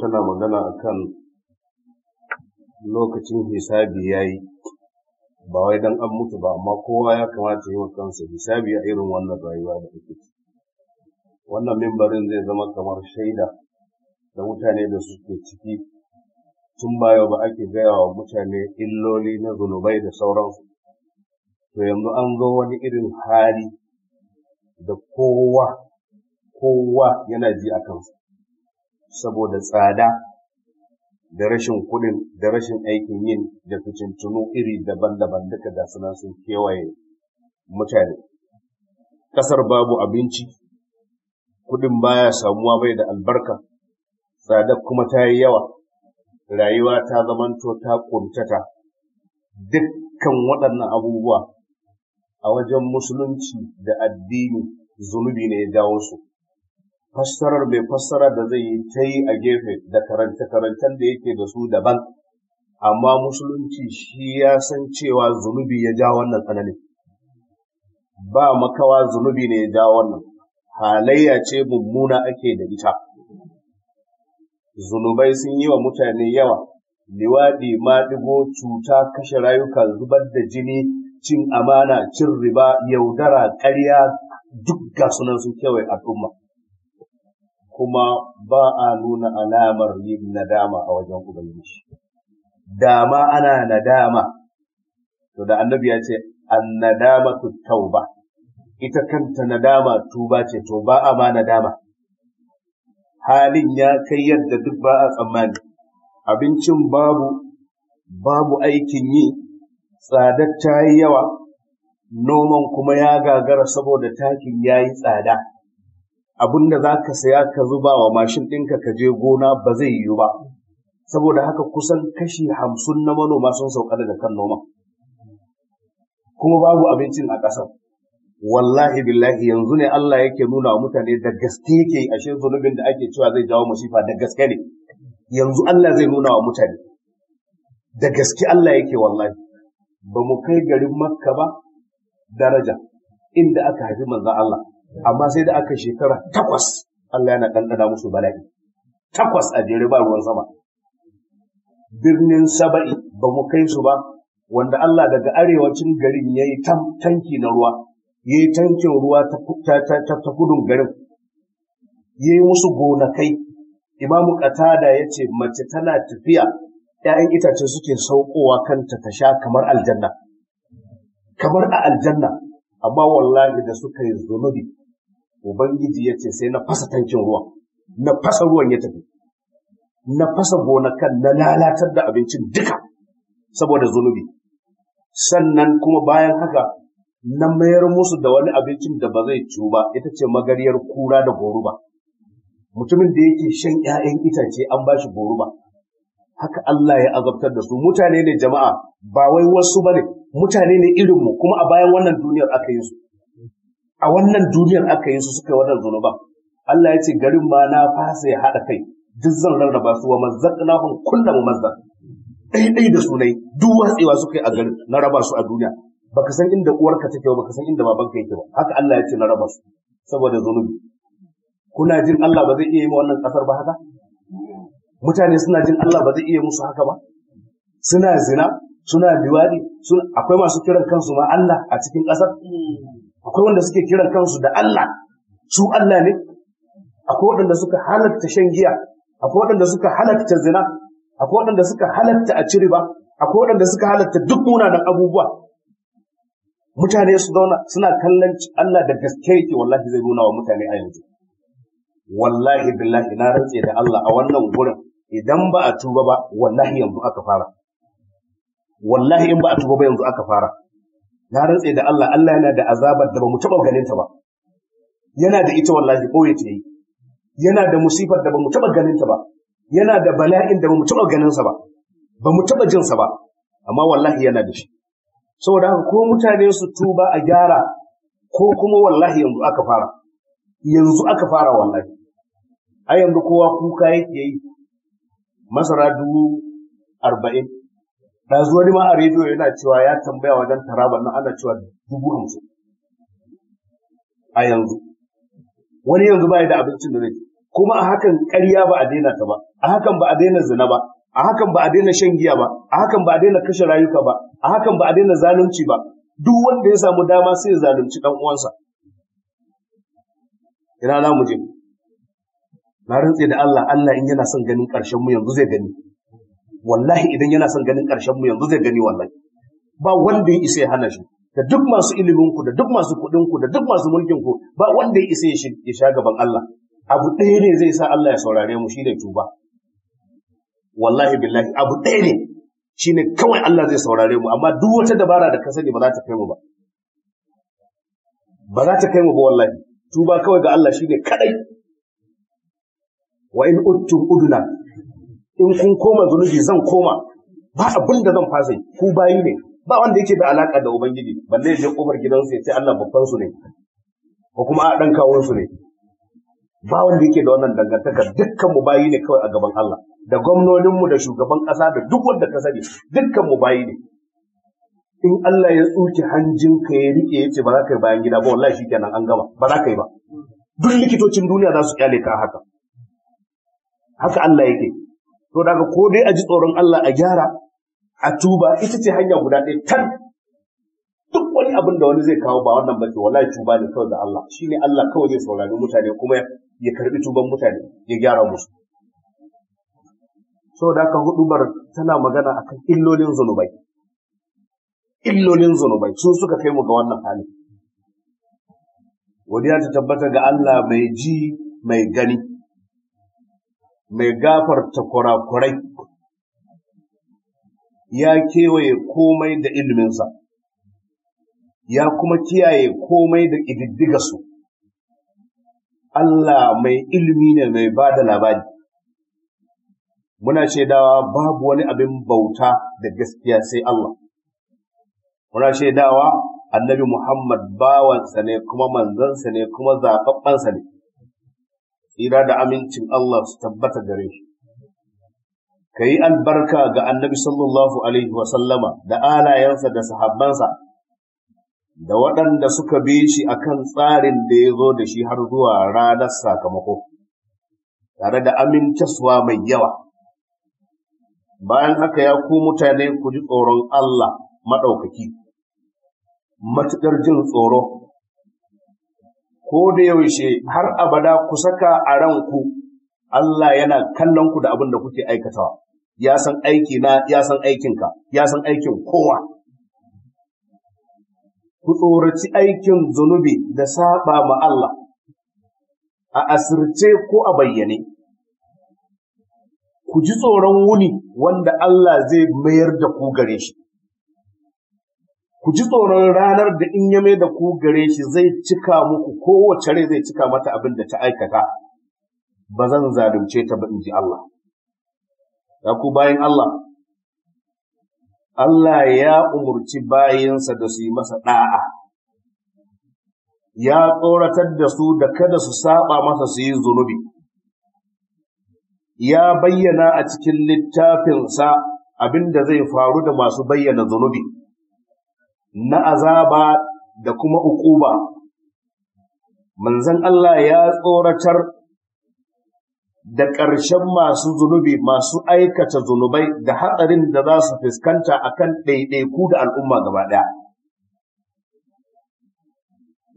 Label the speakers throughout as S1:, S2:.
S1: tana magana kan lokacin hisabi ya yi ba wai don an mutu ba amma kowa ya kamata yi wa kansa hisabi a irin wannan rayuwa da ake wannan mimbarin zai zama kamar shaida da mutane da suke ciki tun ba ba ake gaya wa mutane illoli na zunubai da sauransu to yanzu an zo wani irin hali da kowa kowa yana ji a kansa saboda tsada da rashin kuɗin da rashin aikin yin da fitintunu iri daban-daban duka da suna sun kewaye mutane ƙasar babu abinci kuɗin baya samuwa bai da albarka tsada kuma ta yi yawa rayuwa ta zamanto ta ƙuntata dukkan waɗannan abubuwa a wajen musulunci da addini zunubi ne ya jawo su fassarar mai fassara da zai yi ta yi a gefe da karanta-karantar da yake da su daban amma musulunci shi ya san cewa zunubi ya ja wannan tsananin ba makawa zunubi ne ya ja wannan halayya ce mummuna ake da ita zunubai sun yi wa mutane yawa liwaɗi maɗigo cuta kashe rayuka zubar da jini cin amana cin riba yaudara ƙarya duk ga sunan sun kewaye al'umma kuma ba a nuna alamar yin nadama a wajen Ubangiji. Dama ana nadama, to da annabi ya ce, an nadama tauba, ita kanta nadama tuba ce, to ba a ma nadama. Halin ya kai yadda duk ba a tsammani, abincin babu, babu aikin yi, tsadar ta yi yawa, noman kuma ya gagara saboda takin ya yi tsada. abin da za ka saya ka zuba wa mashin ɗinka ka je gona ba zai yiwu ba saboda haka kusan kashi hamsin na manoma sun sauka daga kan noma kuma babu abincin a ƙasar wallahi billahi yanzu ne Allah yake nuna wa mutane da gaske yake ashe zunubin da ake cewa zai jawo masifa da gaske ne yanzu Allah zai nuna wa mutane da gaske Allah yake wallahi ba mu kai garin makka ba daraja inda aka haifi manzan Allah amma sai da aka shekara takwas Allah yana ɗanɗana musu bala'i takwas a jere ba ruwan sama birnin saba'i ba mu kai su ba wanda Allah daga arewacin garin ya yi tanki na ruwa ya yi tankin ruwa ta kudun garin ya yi musu gonakai imamu katada ya ce mace tana tafiya ‘ya'yan itace suke saukowa kanta ta sha kamar aljanna kamar a aljanna amma wallahi da suka yi zunubi Ubangiji ya ce sai na fasa tankin ruwa, na fasa ruwan ya tafi, na fasa gonakan na lalatar da abincin duka saboda zunubi. Sannan kuma bayan haka na mayar musu da wani abincin da ba zai ciwu ba, ita ce magariyar kura da goruba. Mutumin da yake shan ‘ya'yan itace an ba shi goruba. Haka Allah ya azabtar da su, mutane ne jama'a, ba wai wasu ba ne, mutane ne irinmu, kuma a bayan wannan duniyar aka yi su. a wannan duniyar aka yi su suka yi wannan zunuban Allah ya ce garin ma na fasa ya haɗa kai duk zan rarraba su wa mazzaqnahum mu mumazzaq ɗaiɗai da sunai duk watsewa suka yi a garin na raba su a duniya baka san inda uwarka take ba baka san inda babanka yake ba haka Allah ya ce na raba su saboda zunubi kuna jin Allah ba zai iya yi wannan kasar ba haka mutane suna jin Allah ba zai iya musu haka ba suna zina suna biwadi akwai masu kiran kansu ma Allah a cikin ƙasar? akwai wanda suke kira kansu da Allah su Allah ne akwai waɗanda suka halatta shan giya akwai waɗanda suka halatta zina akwai waɗanda suka halatta a ci akwai waɗanda suka halatta duk munanan abubuwa mutane su zauna suna kallon Allah da gaske yake wallahi zai nuna wa mutane a yanzu wallahi billahi na rantse da Allah a wannan gurin idan ba a tuba ba wallahi yanzu aka fara wallahi in ba a tuba ba yanzu aka fara na rantse da Allah Allah yana da azabar da ba mu taɓa ganin ta ba yana da ita wallahi ɓoye ta yi yana da musifar da ba mu taɓa ganin ta ba yana da bala'in da ba mu taɓa ganin sa ba ba mu taɓa jin sa ba amma wallahi yana da shi saboda haka ko mutane su tuba a gyara ko kuma wallahi yanzu aka fara yanzu aka fara wallahi a yanzu kowa kuka yake yi masara dubu arba'in da zuwa wani ma a rediyo yana cewa ya tambaya wajen taraba nan ana cewa dubu hamsin a yanzu wani yanzu ba da abincin da zai kuma a hakan karya ba a daina ta ba a hakan ba a daina zina ba a hakan ba a daina shan giya ba a hakan ba a daina kashe rayuka ba a hakan ba a daina zalunci ba duk wanda ya samu dama sai ya zalunci dan uwansa ina za mu je na rantse da Allah Allah in yana son ganin ƙarshen mu yanzu zai gani wallahi idan yana son ganin ƙarshen mu yanzu zai gani wallahi ba wanda ya isa ya hana shi da duk masu ilimin ku da duk masu kuɗin ku da duk masu mulkin ku ba wanda ya isa ya sha gaban Allah abu ɗaya ne zai sa Allah ya saurare mu shine tuba wallahi billahi abu ɗaya ne shine kawai Allah zai saurare mu amma duk wata dabara da ka sani ba za ta kai mu ba ba za ta kai mu ba wallahi tuba kawai ga Allah shine kadai wa in uttum uduna in kun koma zunubi zan koma ba abin da zan fasa ku bayi ne ba wanda yake da alaka da ubangiji balle je kofar gidansu ya ce Allah babban su ne ko kuma a dan kawon su ne ba wanda yake da wannan dangantaka dukkan mu bayi ne kawai a gaban Allah da gwamnonin mu da shugaban kasa da duk wanda ka sani dukkan mu bayi ne in Allah ya hanjin ka ya rike ya ce ba za ka yi bayan gida ba wallahi shikenan an gama ba za ka yi ba duk likitocin duniya za su kyale ka haka haka Allah yake to daga ko dai a ji tsoron Allah a gyara a tuba ita ce hanya guda ɗaya tan duk wani abin da wani zai kawo ba wannan bace wallahi tuba ne kawai da Allah shine Allah kawai zai saurari mutane kuma ya karbi tuban mutane ya gyara musu saboda haka hudubar tana magana akan illolin zunubai illolin zunubai sun suka kai mu ga wannan hali wadiya ta tabbata ga Allah mai ji mai gani mai gafarta kurakurai ya kewaye komai da iliminsa ya kuma kiyaye komai da ididdiga su Allah mai ilimi ne mai ba da labari muna shaidawa babu wani abin bauta da gaskiya sai Allah muna shaidawa annabi Muhammad bawansa ne kuma manzansa ne kuma zaɓaɓɓansa ne tsira da amincin Allah su tabbata gare shi ka yi albarka ga annabi sallallahu alaihi wasallama da alayensa da sahabbansa da waɗanda suka bi shi akan tsarin da ya zo da shi har zuwa ranar sakamako tare da amincaswa mai yawa bayan haka ya ku mutane ku ji tsoron Allah maɗaukaki matuƙar jin tsoro ko da yaushe har abada ku saka a ranku Allah yana kallon ku da abin da kuke aikatawa ya san aiki na ya san aikinka ya san aikin kowa ku tsoraci aikin zunubi da saba ma Allah a asirce ko a bayyane ku ji tsoron wuni wanda Allah zai mayar da ku gare shi ku ji tsoron ranar da in ya mai da ku gare shi zai cika muku kowace rai zai cika mata abin da ta aikata ba zan zalunce ta ba in ji Allah ya ku bayan Allah Allah ya umurci bayinsa da su yi masa ɗa'a. ya tsoratar da su da kada su saɓa masa su yi zunubi ya bayyana a cikin littafinsa abin da zai faru da masu bayyana zunubi na azaba da kuma ukuba manzon Allah ya tsoratar da ƙarshen masu zunubi masu aikata zunubai da hatsarin da za su fuskanta a kan ɗaiɗaiku da al'umma gaba ɗaya.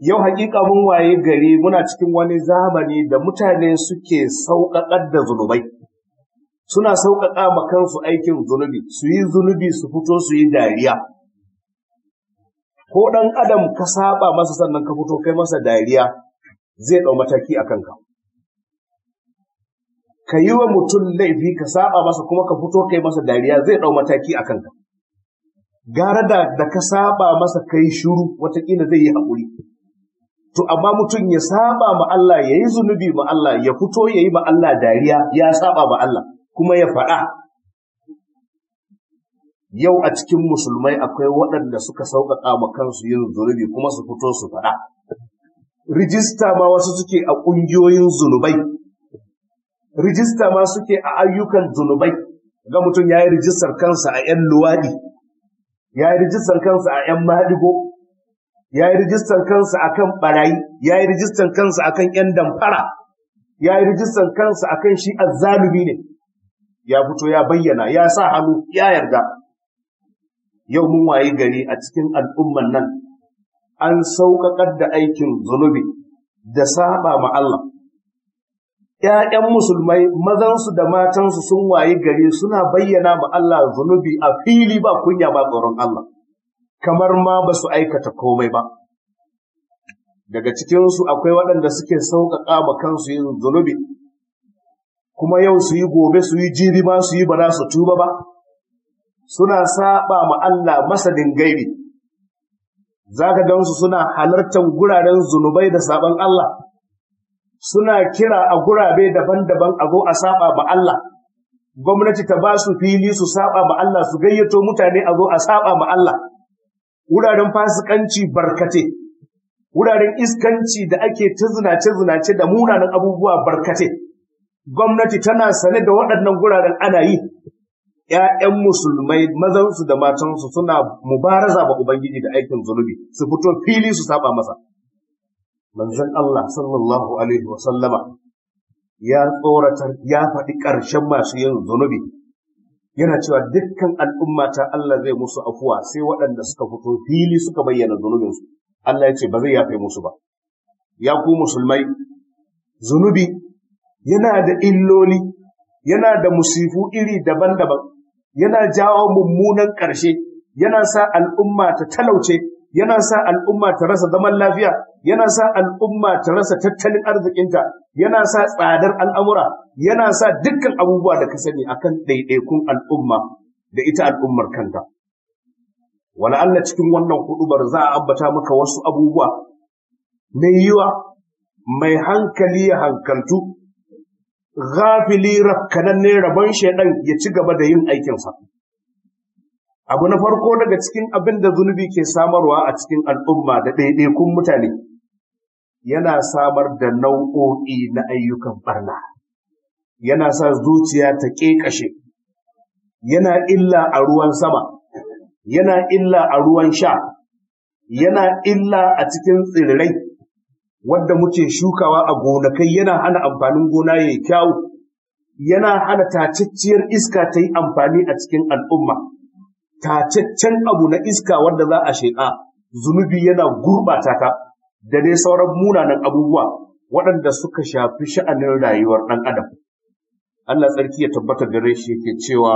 S1: Yau haƙiƙa mun waye gari muna cikin wani zamani da mutane suke sauƙaƙar da zunubai. Suna sauƙaƙa ma kansu aikin zunubi, su yi zunubi su fito su yi dariya. ko ɗan adam ka saba masa sannan ka fito kai masa dariya zai ɗau mataki a kanka ka yi wa mutum laifi ka saba masa kuma ka fito kai masa dariya zai ɗau mataki a kanka gara da da ka saba masa kai shuru, watakila zai yi haƙuri to amma mutum ya saba ma Allah ya yi zunubi ma Allah ya fito ya yi ma Allah dariya ya saba ma Allah kuma ya faɗa yau a cikin musulmai akwai waɗanda suka sauƙaƙa wa kansu yin zunubi kuma su fito su faɗa. Rijista ma wasu suke a ƙungiyoyin zunubai, rijista ma suke a ayyukan zunubai, ga mutum ya yi rijistar kansa a ‘yan luwaɗi, ya yi rijistar kansa a ‘yan maɗigo, ya yi rijistar kansa a kan ɓarayi, ya yi rijistar kansa a kan ‘yan damfara, ya yi rijistar kansa a kan shi azzalubi ne, ya fito ya bayyana, ya sa hannu, ya yarda. yau mun wayi gari a cikin al'umman nan an sauƙaƙar da aikin zunubi da saba ma Allah ‘Ya'yan musulmai mazansu da matansu sun wayi gari suna bayyana ma Allah zunubi a fili ba kunya ba tsoron Allah, kamar ma ba su aikata komai ba. Daga cikinsu akwai waɗanda suke sauƙaƙa ma kansu yin zunubi, kuma yau su yi gobe su yi jibi ba su yi ba za su tuba ba, suna saba ma Allah masadin gaibi zaka gansu suna halartar guraren zunubai da saban Allah suna kira a gurabe daban-daban a zo a saba ma Allah gwamnati ta ba su fili su saba ma Allah su gayyato mutane a zo a saba ma Allah wuraren fasikanci barkate wuraren iskanci da ake ta zinace-zinace da munanan abubuwa barkate gwamnati tana sane da waɗannan guraren ana yi ‘ya'yan musulmai mazansu da matansu suna mubaraza ba Ubangiji da aikin zunubi su fito fili su saba masa. Manzon Allah sallallahu Alaihi wasallama ya tsorata ya faɗi ƙarshen masu yin zunubi yana cewa dukkan al'umma ta Allah zai musu afuwa sai waɗanda suka fito fili suka bayyana zunubinsu Allah ya ce ba zai yafe musu ba. Ya ku musulmai, zunubi yana da illoli, yana da musifu iri daban-daban. yana jawo mummunan ƙarshe yana sa al'umma ta talauce yana sa al'umma ta rasa zaman lafiya yana sa al'umma ta rasa tattalin arzikinta yana sa tsadar al'amura yana sa dukkan abubuwa da ka sani kan ɗaiɗaikun al'umma da ita al'ummar kanta wala Allah cikin wannan huɗubar za a ambata maka wasu abubuwa mai yiwa mai hankali ya hankaltu ghafili rakkananne rabon shaidan ya ci gaba da yin aikinsa. Abu na farko daga cikin abin da zunubi ke samarwa a cikin al'umma da kun mutane, yana samar da nau'o'i na ayyukan barna, yana sa zuciya ta ƙeƙashe, yana illa a ruwan sama, yana illa a ruwan sha, yana illa a cikin tsirrai. Wanda muke shukawa a gonakai yana hana amfanin gona ya yi kyawu, yana hana tacacciyar iska ta yi amfani a cikin al'umma, tacaccen abu na iska wanda za a sheƙa, zunubi yana gurɓata ta da dai sauran munanan abubuwa waɗanda suka shafi sha'anin rayuwar ɗan adam. Allah tsarki ya tabbatar da shi yake cewa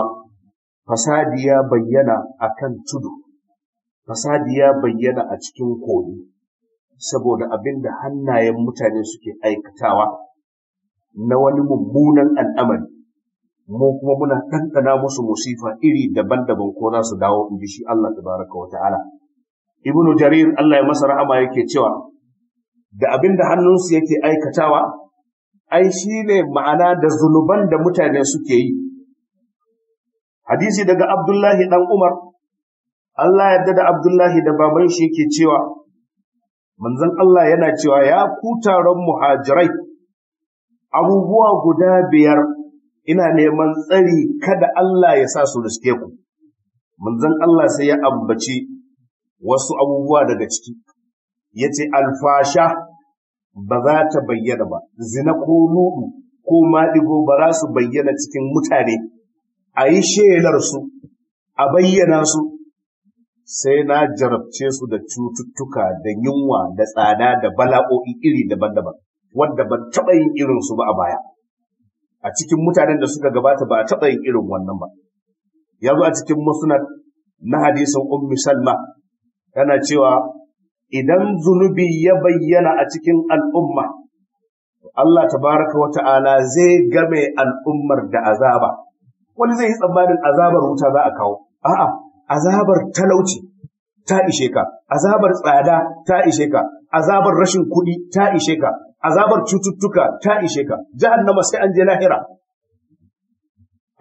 S1: fasadi ya bayyana a tudu, fasadi ya bayyana a cikin kogi. saboda abin da hannayen mutane suke aikatawa na wani mummunan al'amari, mu kuma muna ɗanɗana musu musifa iri daban-daban ko za su dawo in shi Allah tabaraka wa ta'ala. Ibnu Jarir Allah ya masa rahama yake cewa, da abin da hannunsu yake aikatawa, ai shi ne ma'ana da zunuban da mutane suke yi. Hadisi daga Abdullahi ɗan Umar, Allah yarda da Abdullahi da baban shi yake cewa, manzon Allah yana cewa ya ku taron muhajirai abubuwa guda biyar ina neman tsari kada Allah ya sa su riske ku manzon Allah sai ya ambaci wasu abubuwa daga ciki yace alfasha ba za ta bayyana ba zina ko nudu ko maɗigo ba za su bayyana cikin mutane a yi shelar su a bayyana su sai na jarabce su da cututtuka da yunwa da tsada da bala'o'i iri daban-daban wanda ban taɓa yin irin su ba a baya a cikin mutanen da suka gabata ba a taɓa yin irin wannan ba ya zo a cikin masunan na hadisin ummi salma yana cewa idan zunubi ya bayyana a cikin al'umma Allah tabaraka wa ta'ala zai game al'ummar da azaba wani zai yi tsammanin azabar wuta za a kawo a'a azabar talauci ta ishe ka azabar tsada ta ishe ka azabar rashin kuɗi ta ishe ka azabar cututtuka ta ishe ka jahannama sai an je lahira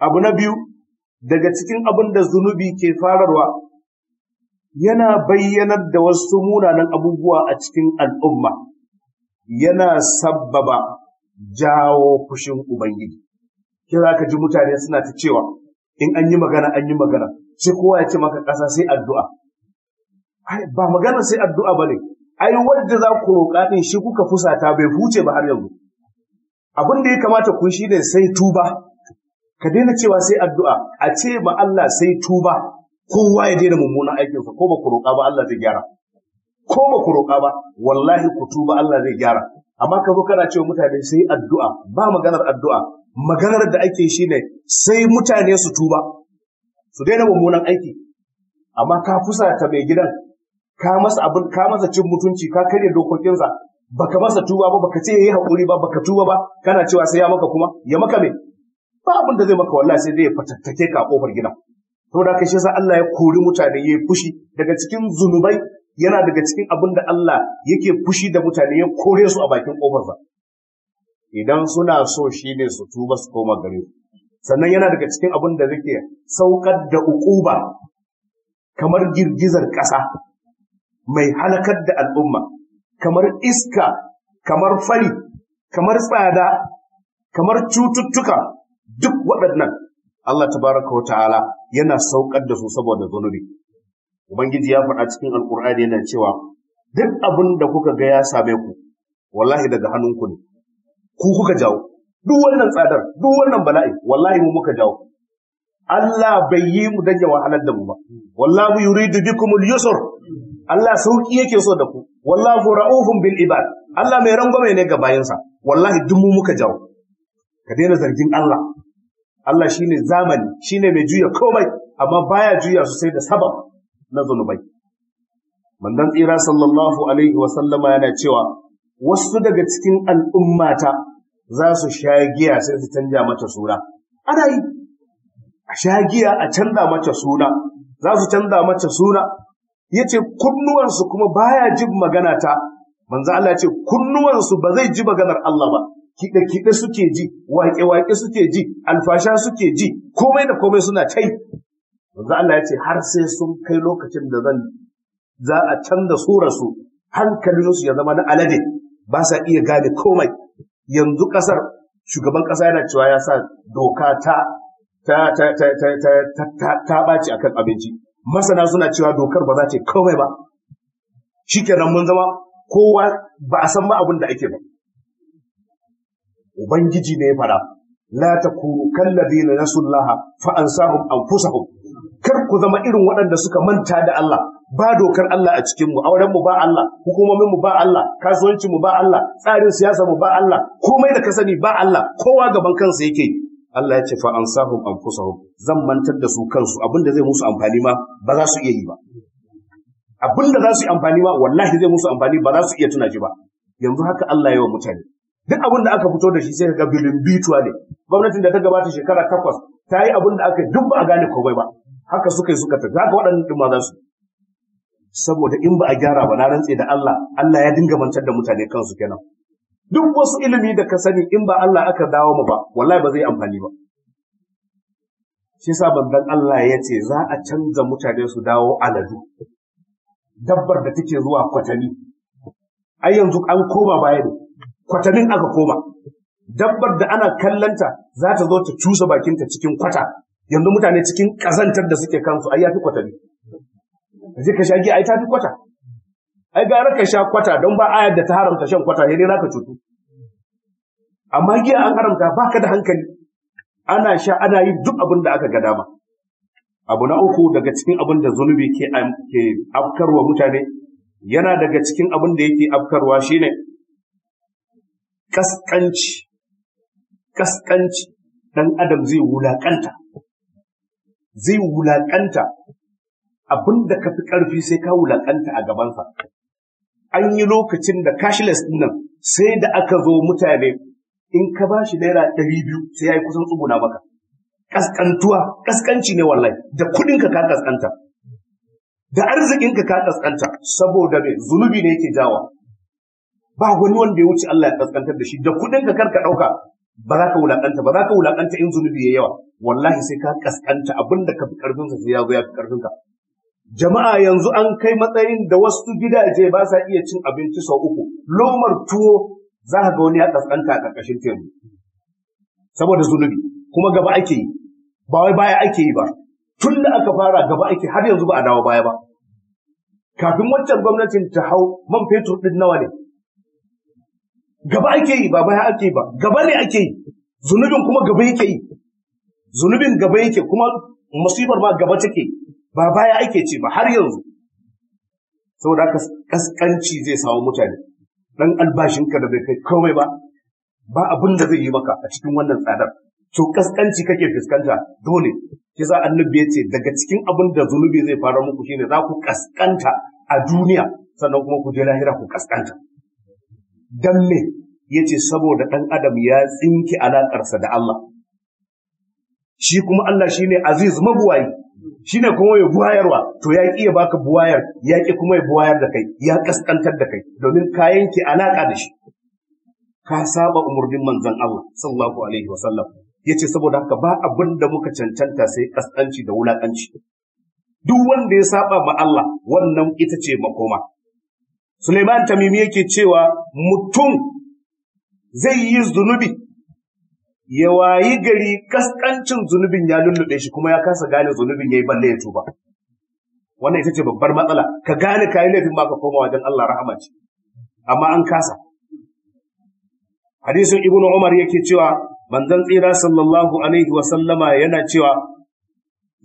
S1: abu na biyu daga cikin abin da zunubi ke fararwa yana bayyanar da wasu munanan abubuwa a cikin al'umma yana sabbaba jawo fushin ubangiji kira ka ji mutane suna ta cewa in an yi magana an yi magana sai kowa ya ce maka ƙasa sai addu'a. Ba magana sai addu'a ba ne, ai wadda za ku roƙa ɗin shi kuka fusata bai huce ba har yanzu. Abin da ya kamata ku shi ne sai tuba, ka daina cewa sai addu'a, a ce ma Allah sai tuba, kowa ya daina mummunan aikinsa ko ba ku roƙa ba Allah zai gyara. Ko ba ku roƙa ba, wallahi ku tuba Allah zai gyara. Amma ka zo kana cewa mutane sai addu'a, ba maganar addu'a, maganar da ake shi ne sai mutane su tuba. su daina mummunan aiki amma ka kusa ta mai gidan ka masa abin ka masa cin mutunci ka karya dokokinsa baka masa tuba ba baka ce yayi hakuri ba baka tuba ba kana cewa sai ya maka kuma ya maka me ba abin da zai maka wallahi sai dai ya fatattake ka a kofar gidan saboda haka shi yasa Allah ya kori mutane yayi fushi daga cikin zunubai yana daga cikin abin da Allah yake fushi da mutane ya kore su a bakin kofarsa idan suna so shi ne su tuba su koma gare sannan yana daga cikin abin da zake saukar da uquba kamar girgizar ƙasa mai halakar da al'umma kamar iska kamar fari kamar tsada kamar cututtuka duk waɗannan Allah tabaraka wa ta'ala yana saukar da su saboda zunubi ubangiji ya faɗa cikin alkur'ani yana cewa duk abin da kuka ga ya same ku wallahi daga hannunku ne ku kuka jawo duk wannan tsadar duk wannan bala'i wallahi mu muka jawo Allah bai yi mu dan wahalar da mu ba wallahu yuridu bikumul yusr Allah sauki yake so da ku wallahu ra'ufun bil ibad Allah mai rangwame ne ga bayansa wallahi duk mu muka jawo ka daina zargin Allah Allah shine zamani shine mai juya komai amma baya juya su sai da sabab na zunubai mandan tsira sallallahu alaihi wa sallama yana cewa wasu daga cikin al'ummata za su sha giya sai su canja mata suna ana yi a sha giya a canza mata suna za su canza mata suna ya ce kunnuwansu kuma ba ya jin magana ta manza Allah ya ce kunnuwansu ba zai ji maganar Allah ba kiɗe-kiɗe suke ji waƙe-waƙe suke ji alfasha suke ji komai da komai suna tai Manza Allah ya ce har sai sun kai lokacin da zan za a canza surarsu hankalinsu ya zama na alade ba sa iya gane komai yanzu ƙasar shugaban ƙasa yana cewa ya sa doka ta ta ta ta ɓaci akan abinci masana suna cewa dokar ba za ta komai ba shikenan mun zama kowa ba a san ma abin da ake ba ubangiji ne ya fara la takunu kallazina nasullaha fa ansahum anfusahum kar ku zama irin waɗanda suka manta da Allah ba dokar Allah a cikin mu auren mu ba Allah hukumomin mu ba Allah kasuwancin mu ba Allah tsarin siyasa mu ba Allah komai da ka sani ba Allah kowa gaban kansa yake Allah ya ce fa ansahum anfusahum zan mantar da su kansu abinda zai musu amfani ma ba za su iya yi ba abinda za su yi amfani ma wallahi zai musu amfani ba za su iya tuna shi ba yanzu haka Allah ya wa mutane duk abin da aka fito da shi sai ga bilin bitwa ne gwamnatin da ta gabata shekara takwas ta yi abin da aka duk ba a gane komai ba haka suka yi suka tafi haka waɗannan ɗin ma za su saboda in ba a gyara ba na rantse da Allah Allah ya dinga mantar da mutane kansu kenan duk wasu ilimi da ka sani in ba Allah aka dawo mu ba wallahi ba zai amfani ba shi yasa banzan Allah ya ce za a canza mutane su dawo aladu dabbar da take zuwa kwatani ai yanzu an koma baya ne kwatanin aka koma dabbar da ana kallanta za ta zo ta cusa bakinta cikin kwata yanzu mutane cikin ƙazantar da suke kansu ai ya fi kwatani je ka sha giya ai ta fi kwata ai gara ka sha kwata don ba a yadda ta haramta shan kwata ne za ka cutu amma giya an haramta ba ka da hankali ana sha ana yi duk abin da aka ga dama abu na uku daga cikin abin da zunubi ke afkarwa mutane yana daga cikin abin da yake afkarwa shine kaskanci kaskanci ɗan adam zai wulaƙanta. zai wulaƙanta. abin da ka fi ƙarfi sai ka wulaƙanta a gabansa. An yi lokacin da cashless ɗin nan sai da aka zo mutane in ka ba shi naira ɗari biyu sai ya yi kusan tsuguna maka. Ƙasƙantuwa, ƙasƙanci ne wallahi, da kuɗinka ka ƙasƙanta. Da arzikinka ka ƙasƙanta, saboda mai zunubi ne yake jawa. Ba wani wanda ya wuce Allah ya ƙasƙantar da shi, da kuɗinka kar ka ɗauka, ba za ka wulaƙanta ba za ka wulaƙanta in zunubi ya yawa wallahi sai ka ƙasƙanta abin da ka fi ƙarfinsa sai ya zo ya fi ƙarfinka Jama'a yanzu an kai matsayin da wasu gidaje ba sa iya cin abinci sau uku, lomar tuwo za ka ga wani ya ƙasƙanta a ƙarƙashin tebur. Saboda zunubi, kuma gaba ake yi, ba wai baya ake yi ba. Tun da aka fara gaba ake har yanzu ba a dawo baya ba. Kafin wancan gwamnatin ta hau man fetur ɗin nawa ne? Gaba ake yi ba baya ake yi ba, gaba ne ake yi, zunubin kuma gaba yake yi. Zunubin gaba yake kuma musibar ma gaba take yi. ba baya ake ce ba har yanzu saboda haka kaskanci zai samu mutane dan albashinka da bai kai komai ba ba abin da zai yi maka a cikin wannan tsadar to kaskanci kake fuskanta dole kisa annabi ya ce daga cikin abin da zunubi zai fara muku shine za ku kaskanta a duniya sannan kuma ku je lahira ku kaskanta dan me yace saboda dan adam ya tsinki alakarsa da Allah shi kuma Allah shine aziz mabuwayi Shi ne kuma ya buwayarwa to ya ƙi ya baka buwayar ya ƙi kuma ya buwayar da kai ya ƙasƙantar da kai domin ka yanke alaƙa da shi ka saba umurnin manzon Allah sallallahu alaihi wasallam yace saboda haka ba abin da muka cancanta sai ƙasƙanci da wulaƙanci. duk wanda ya saba ma Allah wannan ita ce makoma Suleiman Tamimi yake cewa mutum zai yi zunubi ya wayi gari kaskancin zunubin ya lullube shi kuma ya kasa gane zunubin yayi balle ya tuba wannan ita ce babbar matsala ka gane kayi laifin ma ka koma wajen Allah rahamaci, amma an kasa hadisin ibnu umar yake cewa manzon tsira sallallahu alaihi wa sallama yana cewa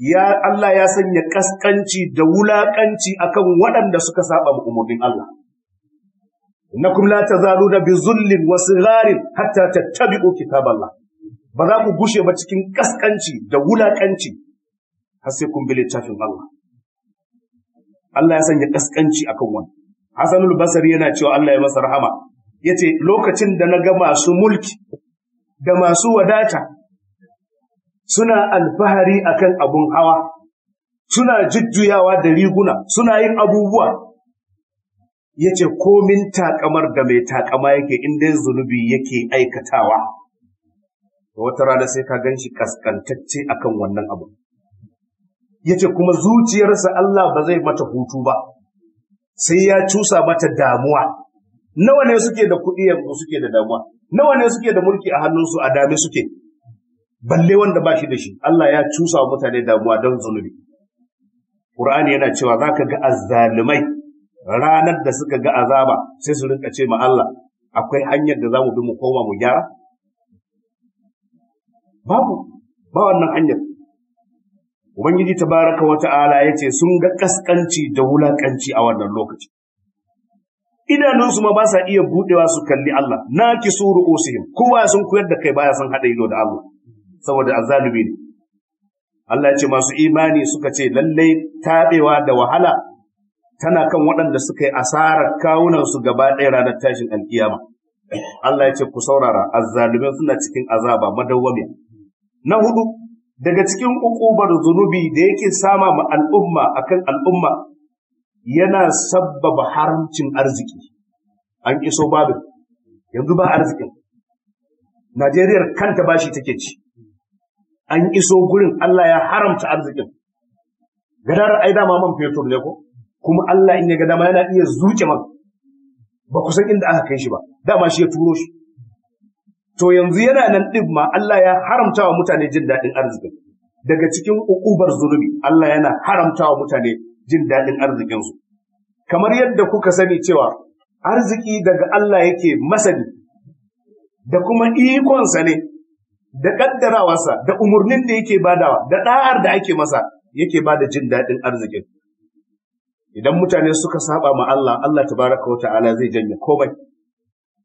S1: ya Allah ya sanya kaskanci da wulakanci akan waɗanda suka saba umarnin Allah innakum la tazaluna bi zullin wa sigharin hatta tattabi'u kitaballah ba za ku gushe ba cikin kaskanci da wulakanci har sai kun bi littafin Allah Allah ya sanya kaskanci akan wani Hassanul Basri yana cewa Allah ya masa rahama yace lokacin da na ga masu mulki da masu wadata suna alfahari akan abun hawa suna jujjuyawa da riguna suna yin abubuwa yace komin takamar da mai takama yake inda zunubi yake aikatawa wata rana sai ka gan shi kaskantacce kan wannan abu Ya ce kuma zuciyarsa Allah ba zai mata hutu ba sai ya cusa mata damuwa nawa ne suke da kuɗi yanzu suke da damuwa nawa ne suke da mulki a hannunsu a dame suke balle wanda ba shi da shi Allah ya cusa wa mutane damuwa don zunubi Ƙur'ani yana cewa za ka ga azzalumai ranar da suka ga azaba sai su rinka ce ma Allah akwai hanyar da za mu bi mu koma mu gyara babu ba wannan hanyar ubangiji tabaraka wa ta'ala yace sun ga ƙasƙanci da wulaƙanci a wannan lokaci idanunsu ma ba sa iya buɗewa su kalli Allah na ki su ru'usihim kowa sun koyar da kai baya san haɗa ido da Allah saboda azalubi ne Allah ya ce masu imani suka ce lallai taɓewa da wahala tana kan waɗanda suka yi asarar kawunansu gaba ɗaya ranar tashin alkiyama. Allah ya ce ku saurara azzalumin suna cikin azaba madawwamiya na hudu daga cikin ukubar zunubi da yake sama ma al'umma akan al'umma yana sabbaba haramcin arziki an iso babin yanzu ba arzikin Najeriya kanta bashi take ci an iso gurin Allah ya haramta arzikin gadara ai dama man fetur ne ko kuma Allah in ya ga dama yana iya zuke man ba kusan inda aka kai shi ba dama shi ya turo shi to yanzu yana nan ɗin ma Allah ya haramta wa mutane jin daɗin arzikin daga cikin uƙubar zunubi Allah yana haramta wa mutane jin daɗin arzikinsu kamar yadda kuka sani cewa arziki daga Allah yake masani da kuma ikonsa ne da ƙaddarawarsa da umarnin da yake badawa da ɗa'ar da ake masa yake bada jin daɗin arzikin idan mutane suka saba ma Allah Allah tabaraka wa ta'ala zai janye komai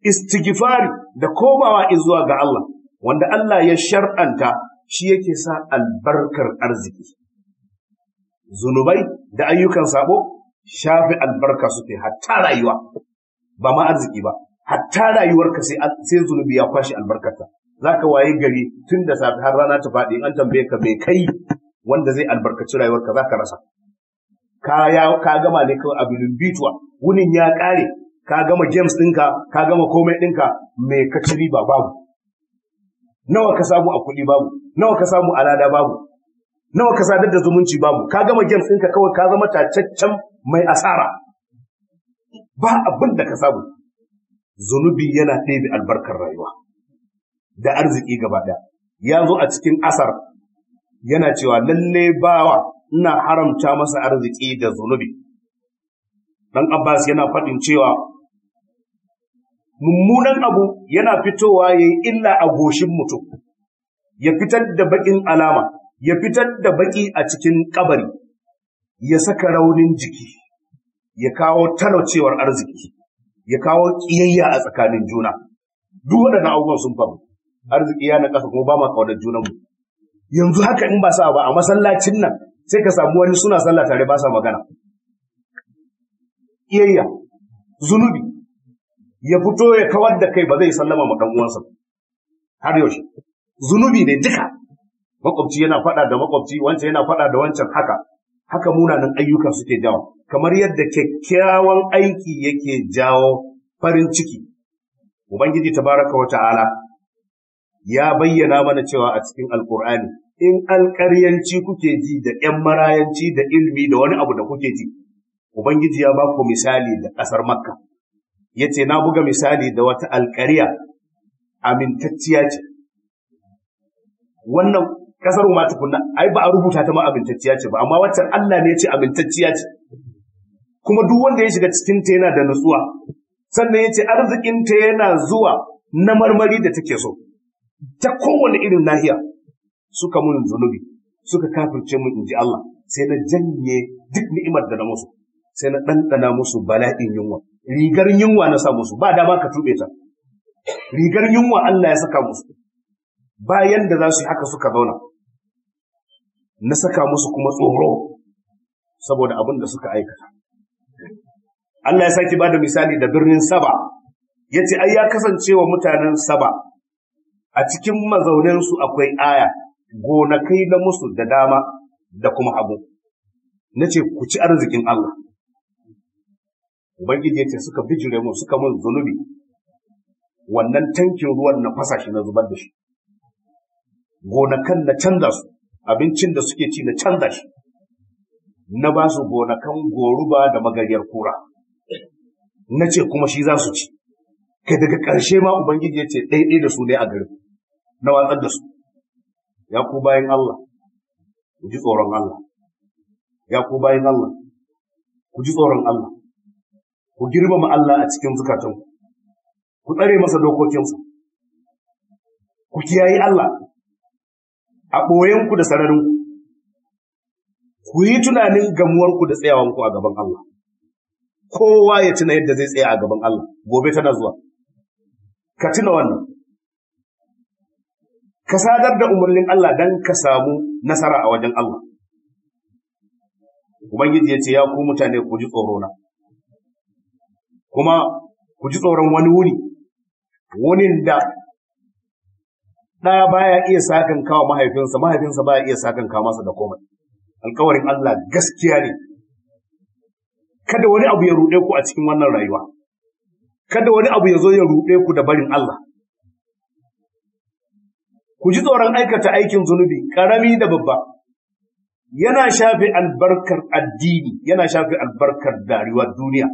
S1: istighfari da komawa izuwa ga Allah wanda Allah ya shar'anta shi yake sa albarkar arziki zunubai da ayyukan sabo shafi albarka suke hatta rayuwa ba ma arziki ba hatta rayuwarka sai sai zunubi ya kwashi albarkarta zaka waye gari tun da safe har rana ta faɗi an tambaye ka bai kai wanda zai albarkaci rayuwarka zaka rasa ka ya ka gama ne kawai abin bituwa wunin ya ƙare ka gama games ɗinka ka gama komai ɗinka mai ka ci babu nawa ka samu a kuɗi babu nawa ka samu a lada babu nawa ka sadar da zumunci babu ka gama games ɗinka kawai ka zama tacaccen mai asara ba abin da ka samu zunubi yana ɗebe albarkar rayuwa da arziki gaba ɗaya ya zo a cikin asar yana cewa lalle bawa ina haramta masa arziki da zunubi dan Abbas yana faɗin cewa mummunan abu yana fitowa ya yi illa a goshin mutum, ya fitar da baƙin alama, ya fitar da baƙi a cikin ƙabari, ya saka raunin jiki, ya kawo talaucewar arziki, ya kawo ƙiyayya a tsakanin juna. Duk waɗannan abubuwan sun faru, arziki ya na ƙasa kuma ba ma ƙaunar junanmu. Yanzu haka in ba sa ba a masallacin nan sai ka samu wani suna sallah tare ba sa magana. Iyayya, zunubi, ya fito ya kawar da kai ba zai sallama ma dan uwansa har yaushe zunubi ne duka makwabci yana faɗa da makwabci wancan yana faɗa da wancan haka haka munanan ayyukan suke jawo kamar yadda kyakkyawan aiki yake jawo farin ciki ubangiji tabaraka wa ta'ala ya bayyana mana cewa a cikin alkur'ani in alƙaryanci kuke ji da ƴan marayanci da ilimi da wani abu da kuke ji ubangiji ya ba ku misali da ƙasar makka ya ce na buga misali da wata alkariya amintacciya ce wannan kasar ma tukunna ai ba a rubuta ta ma amintacciya ce ba amma wacce Allah ne ya ce amintacciya ce kuma duk wanda ya shiga cikin ta yana da nutsuwa sannan ya ce arzikin ta yana zuwa na marmari da take so ta kowane irin nahiya suka mun zunubi suka kafirce mun inji Allah sai na janye duk ni'imar da na musu sai na ɗanɗana musu bala'in yunwa rigar yunwa na sa musu ba dama ka tube ta rigar yunwa Allah ya saka musu bayan da za su yi haka suka zauna na saka musu kuma tsoro saboda abin da suka aikata Allah ya sake ba da misali da birnin Saba ya ce ai ya kasance wa mutanen Saba a cikin mazauninsu akwai aya gonakai na musu da dama da kuma abu. na ce ku ci arzikin Allah ubangiji ya ce suka bijire mu suka mun zunubi wannan tankin ruwan na fasa shi na zubar da shi gonakan na canza su abincin da suke ci na canza shi na ba su gonakan goruba da magaryar kura na ce kuma shi za su ci kai daga ƙarshe ma ubangiji ya ce ɗaiɗai da su ne a garin na watsar da su ya ku bayan Allah ku ji tsoron Allah ya ku bayan Allah ku ji tsoron Allah ku girmama Allah a cikin zukatanku ku tsare masa dokokinsa ku kiyayi Allah a ɓoyenku da sararinku ku yi tunanin gamuwarku da tsayawanku a gaban Allah kowa ya tuna yadda zai tsaya a gaban Allah gobe tana zuwa ka tuna wannan ka sadar da umarnin Allah dan ka samu nasara a wajen Allah Ubangiji ya ce ya ku mutane ku ji tsoro na kuma ku ji tsoron wani wuni, wunin da ɗa baya iya sakan kawo mahaifinsa mahaifinsa baya iya sakan kawo masa da komai alkawarin Allah gaskiya ne kada wani abu ya ruɗe ku a cikin wannan rayuwa kada wani abu ya zo ya ruɗe ku da barin Allah ku ji tsoron aikata aikin zunubi ƙarami da babba yana shafe albarkar addini yana shafe albarkar dariwa duniya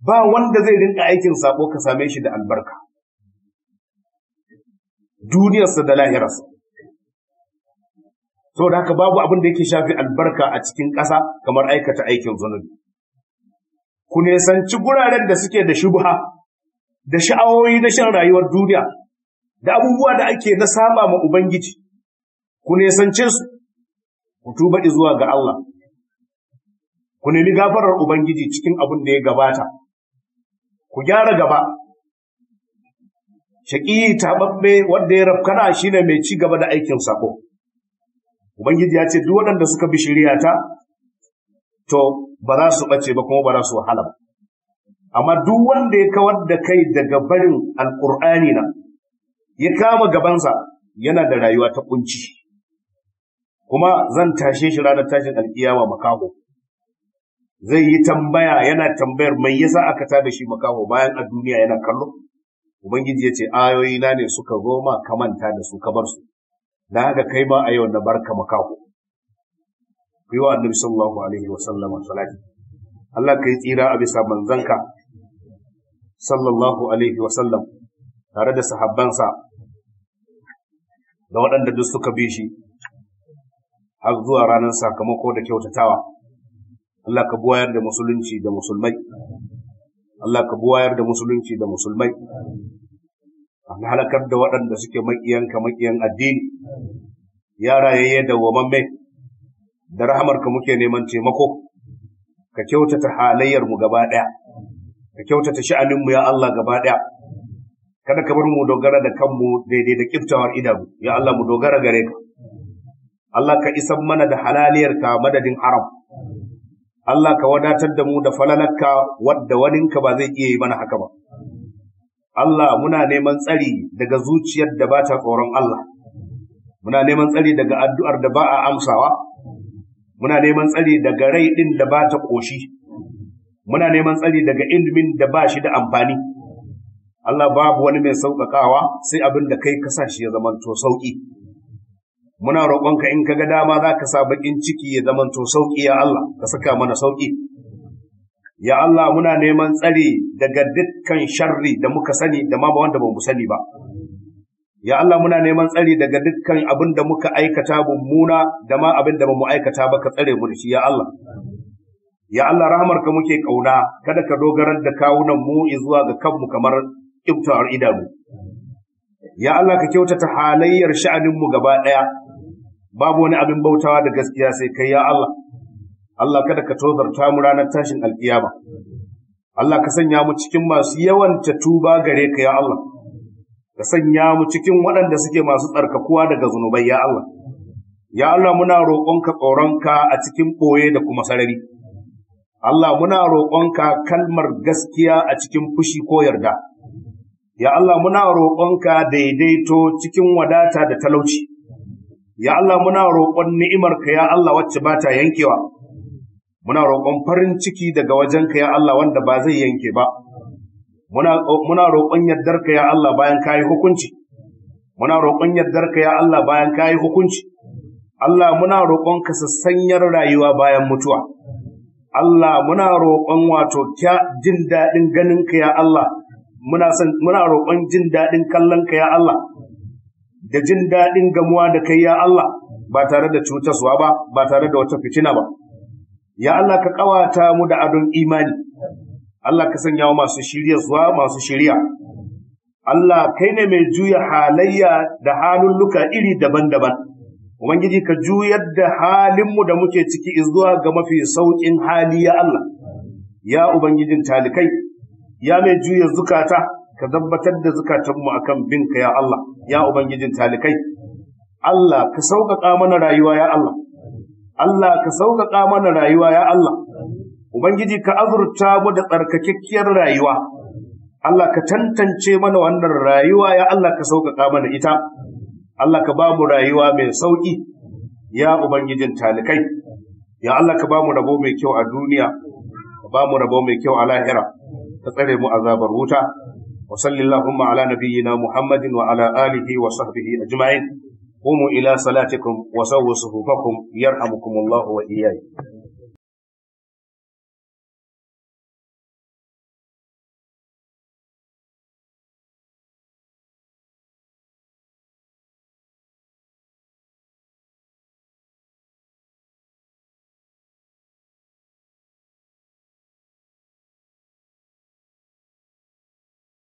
S1: ba wanda zai rinka aikin sabo ka same shi da albarka duniyarsa da lahirarsa saboda haka babu abin da yake shafi albarka a cikin ƙasa kamar aikata aikin zunubi ku nesanci guraren da suke da shubha da sha'awoyi na shan rayuwar duniya da abubuwa da ake na saba ma ubangiji ku nesance su ku tuba zuwa ga Allah ku nemi gafarar ubangiji cikin abin da ya gabata ku gyara gaba shaƙi taɓaɓɓe wanda ya rafkana shine mai ci gaba da aikin sako ubangiji ya ce duk waɗanda suka bi shirya ta to ba za su ɓace ba kuma ba za su wahala ba amma duk wanda ya kawar da kai daga barin alƙur'ani na ya kama gabansa yana da rayuwa ta ƙunci. kuma zan tashe shi ranar tashin alƙiyawa makaho zai yi tambaya yana tambayar mai yasa aka tada shi makaho bayan a duniya yana kallo ubangiji ya ce ayoyi na ne suka zo ma ka manta da su ka su Na haka kai ma a yau na barka makaho ku yi wa annabi sallallahu alaihi wa a salati Allah kai tsira a bisa manzanka sallallahu alaihi wa sallam tare da sahabbansa da waɗanda duk suka bi shi har zuwa ranar sakamako da kyautatawa Allah ka buwayar da musulunci da musulmai Allah ka buwayar da musulunci da musulmai an halakar da waɗanda suke maƙiyanka maƙiyan addini yara yayye da wamamme da rahamarka muke neman taimako ka kyautata halayyar mu gaba ɗaya ka kyautata sha'anin mu ya Allah gaba ɗaya kada ka bar mu dogara da kanmu daidai da kiftawar idanu ya Allah mu dogara gare ka Allah ka isan mana da ka madadin haram Allah ka wadatar da mu da falalarka wadda waninka ba zai iya yi mana haka ba. Allah muna neman tsari daga zuciyar da ba ta tsoron Allah, muna neman tsari daga addu'ar da ba a amsawa, muna neman tsari daga rai ɗin da ba ta ƙoshi, muna neman tsari daga ilimin da ba shi da amfani. Allah babu wani mai sauƙaƙawa sai abin da kai ka sa shi ya zamanto sauƙi. muna roƙonka in ka ga dama za ka sa baƙin ciki ya to sauƙi ya Allah ka saka mana sauƙi ya Allah muna neman tsare daga dukkan sharri da muka sani da ma ba wanda ba mu sani ba ya Allah muna neman tsare daga dukkan abin da muka aikata mummuna da ma abin da ba mu aikata ba ka tsare mu da shi ya Allah ya Allah ka muke kauna kada ka dogarar da kawunan mu zuwa ga kanmu kamar ibtar idanu ya Allah ka kyautata halayyar sha'aninmu gaba ɗaya babu wani abin bautawa da gaskiya sai kai ya Allah Allah kada ka tozarta mu ranar tashin alkiyama Allah ka sanya mu cikin masu yawan tuba gare ka ya Allah ka sanya mu cikin waɗanda suke masu tsarkakuwa daga zunubai ya Allah ya Allah muna roƙonka tsoronka a cikin ɓoye da kuma sarari Allah muna roƙonka kalmar gaskiya a cikin fushi ko yarda ya Allah muna roƙonka daidaito cikin wadata da talauci Ya Allah muna roƙon ni'imarka ya Allah wacce ba ta yankewa, muna roƙon farin ciki daga wajenka ya Allah wanda ba zai yanke ba, muna roƙon yardarka ya Allah bayan ka yi hukunci, muna roƙon yardarka ya Allah bayan ka yi hukunci, Allah muna roƙon ka sassanyar rayuwa bayan mutuwa, Allah muna roƙon wato kya jin daɗin ganinka ya Allah, muna roƙon jin daɗin kallonka ya Allah. da jin daɗin gamuwa da kai ya Allah ba tare da cutaswa ba ba tare da wata fitina ba ya Allah ka ƙawata mu da adon imani Allah ka sanya wa masu shiryarwa masu shirya Allah kai ne mai juya halayya da halulluka iri daban-daban Ubangiji ka juyar da halinmu da muke ciki zuwa ga mafi sauƙin hali ya Allah ya Ubangijin talikai ya mai juya zukata ka zabbatar da zukatanmu akan bin ka ya Allah ya ubangijin talikai Allah ka sauƙaƙa mana rayuwa ya Allah Allah ka sauƙaƙa mana rayuwa ya Allah ubangiji ka azurta mu da tsarkakekkiyar rayuwa Allah ka tantance mana wannan rayuwa ya Allah ka sauƙaƙa mana ita Allah ka ba mu rayuwa mai sauƙi ya ubangijin talikai ya Allah ka ba mu rabo mai kyau a duniya ka ba mu rabo mai kyau a lahira ka tsare mu azabar wuta وصل اللهم على نبينا محمد وعلى آله وصحبه أجمعين قوموا إلى صلاتكم وسووا صفوفكم يرحمكم الله وإياه